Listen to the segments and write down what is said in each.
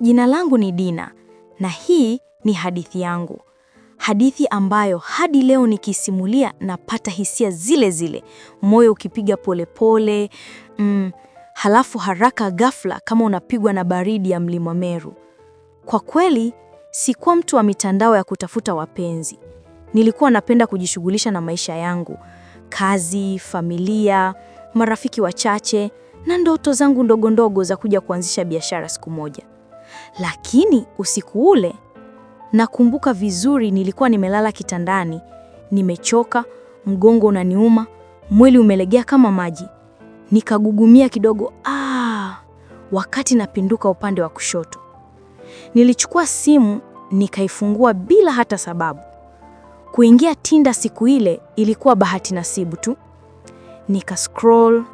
Jina langu ni Dina na hii ni hadithi yangu, hadithi ambayo hadi leo nikisimulia napata hisia zile zile, moyo ukipiga polepole mm, halafu haraka ghafla, kama unapigwa na baridi ya mlima Meru. Kwa kweli sikuwa mtu wa mitandao ya kutafuta wapenzi. Nilikuwa napenda kujishughulisha na maisha yangu, kazi, familia, marafiki wachache na ndoto zangu ndogo ndogo za kuja kuanzisha biashara siku moja. Lakini usiku ule nakumbuka vizuri, nilikuwa nimelala kitandani, nimechoka, mgongo unaniuma, mwili umelegea kama maji. Nikagugumia kidogo, aa, wakati napinduka upande wa kushoto. Nilichukua simu nikaifungua bila hata sababu. Kuingia Tinda siku ile ilikuwa bahati nasibu tu. Nika scroll,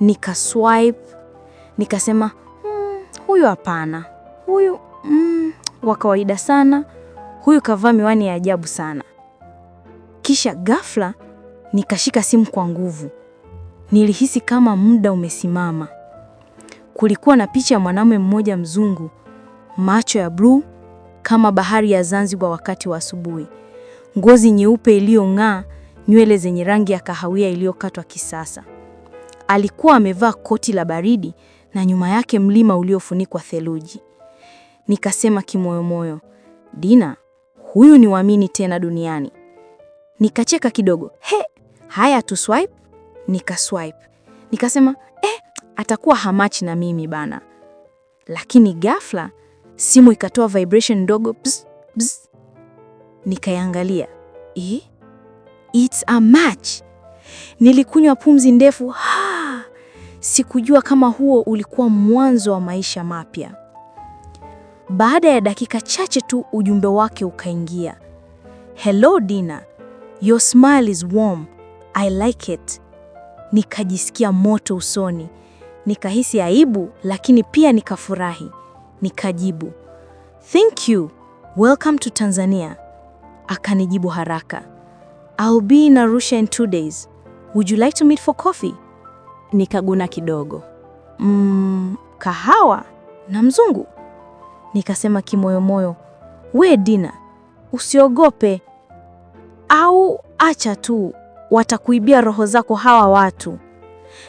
nika swipe, nikasema hmm, huyo hapana huyu mm, wa kawaida sana, huyu kavaa miwani ya ajabu sana. Kisha ghafla nikashika simu kwa nguvu, nilihisi kama muda umesimama. Kulikuwa na picha ya mwanamume mmoja mzungu, macho ya bluu kama bahari ya Zanzibar wakati wa asubuhi, ngozi nyeupe iliyong'aa, nywele zenye rangi ya kahawia iliyokatwa kisasa. Alikuwa amevaa koti la baridi na nyuma yake mlima uliofunikwa theluji. Nikasema kimoyomoyo, Dina, huyu ni waamini tena duniani. Nikacheka kidogo, he, haya tu swipe. Nikaswipe nikasema, eh, atakuwa hamachi na mimi bana. Lakini ghafla simu ikatoa vibration ndogo, bzz, bzz. Nikaiangalia, eh, it's a match. Nilikunywa pumzi ndefu, ha! Sikujua kama huo ulikuwa mwanzo wa maisha mapya. Baada ya dakika chache tu ujumbe wake ukaingia. Hello Dina, your smile is warm. I like it. Nikajisikia moto usoni, nikahisi aibu, lakini pia nikafurahi. Nikajibu thank you, welcome to Tanzania. Akanijibu haraka, I'll be in Arusha in two days. Would you like to meet for coffee? Nikaguna kidogo, mm, kahawa na mzungu Nikasema kimoyomoyo, we Dina, usiogope au acha tu, watakuibia roho zako hawa watu.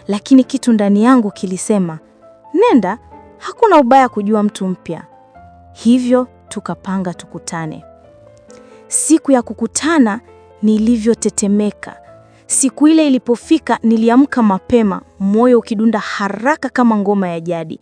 Lakini kitu ndani yangu kilisema, nenda, hakuna ubaya kujua mtu mpya. Hivyo tukapanga tukutane. Siku ya kukutana nilivyotetemeka. Siku ile ilipofika, niliamka mapema, moyo ukidunda haraka kama ngoma ya jadi.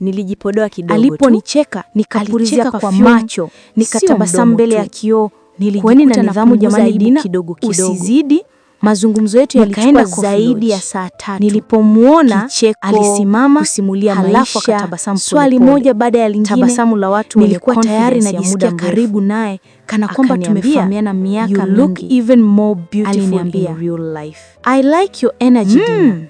Nilijipodoa kidogo aliponicheka, nikalicheka kwa macho, nikatabasamu mbele ya kioo. Nilijikuta na nidhamu, jamani Dina, kidogo kidogo usizidi. Mazungumzo yetu yalikaenda zaidi ya saa tatu. Nilipomuona alisimama kusimulia halafu akatabasamu swali moja baada ya lingine. Tabasamu la watu nilikuwa tayari najisikia karibu naye kana kwamba tumefahamiana miaka mingi. look Even more beautiful in real life. I like your energy hmm. Dina.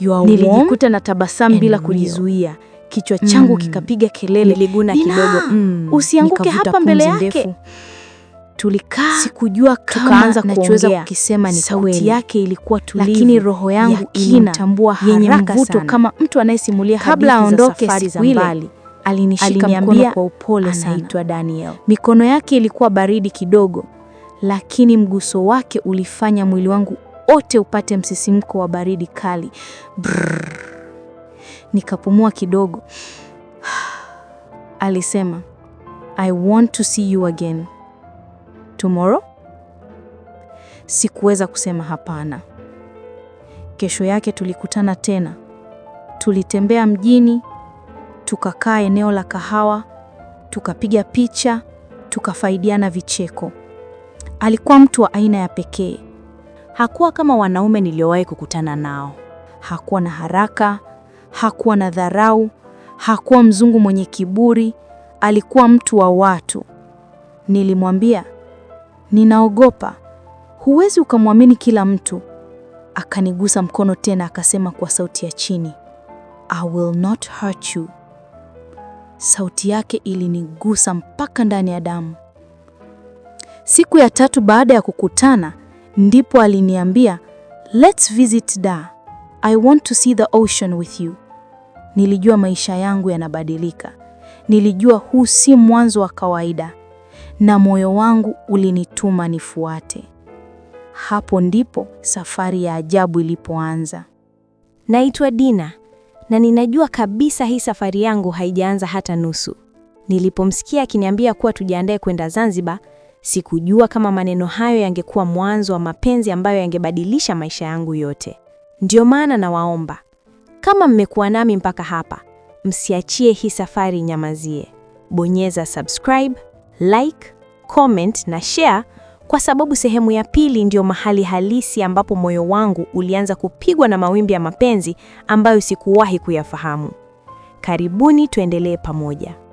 You are warm. Nilijikuta na tabasamu bila kujizuia kichwa changu mm, kikapiga kelele, niliguna kidogo mm, usianguke hapa mbele yake. Tulikaa, sikujua kama nachoweza kukisema ni sauti kweli. Yake ilikuwa tulivu, lakini roho yangu ilimtambua yenye mvuto sana. kama mtu anayesimulia hadithi za safari za mbali. Alinishika mkono kwa upole, anaitwa Daniel. Mikono yake ilikuwa baridi kidogo, lakini mguso wake ulifanya mwili wangu wote upate msisimko wa baridi kali Brrr. Nikapumua kidogo. Alisema, I want to see you again tomorrow. Sikuweza kusema hapana. Kesho yake tulikutana tena, tulitembea mjini, tukakaa eneo la kahawa, tukapiga picha, tukafaidiana vicheko. Alikuwa mtu wa aina ya pekee. Hakuwa kama wanaume niliowahi kukutana nao. Hakuwa na haraka hakuwa na dharau, hakuwa mzungu mwenye kiburi, alikuwa mtu wa watu. Nilimwambia, ninaogopa, huwezi ukamwamini kila mtu. Akanigusa mkono tena, akasema kwa sauti ya chini, I will not hurt you. Sauti yake ilinigusa mpaka ndani ya damu. Siku ya tatu baada ya kukutana, ndipo aliniambia, let's visit da, I want to see the ocean with you. Nilijua maisha yangu yanabadilika. Nilijua huu si mwanzo wa kawaida, na moyo wangu ulinituma nifuate. Hapo ndipo safari ya ajabu ilipoanza. Naitwa Dina na ninajua kabisa hii safari yangu haijaanza hata nusu. Nilipomsikia akiniambia kuwa tujiandae kwenda Zanzibar, sikujua kama maneno hayo yangekuwa mwanzo wa mapenzi ambayo yangebadilisha maisha yangu yote. ndio maana nawaomba, kama mmekuwa nami mpaka hapa, msiachie hii safari nyamazie. Bonyeza subscribe, like, comment na share kwa sababu sehemu ya pili ndiyo mahali halisi ambapo moyo wangu ulianza kupigwa na mawimbi ya mapenzi ambayo sikuwahi kuyafahamu. Karibuni tuendelee pamoja.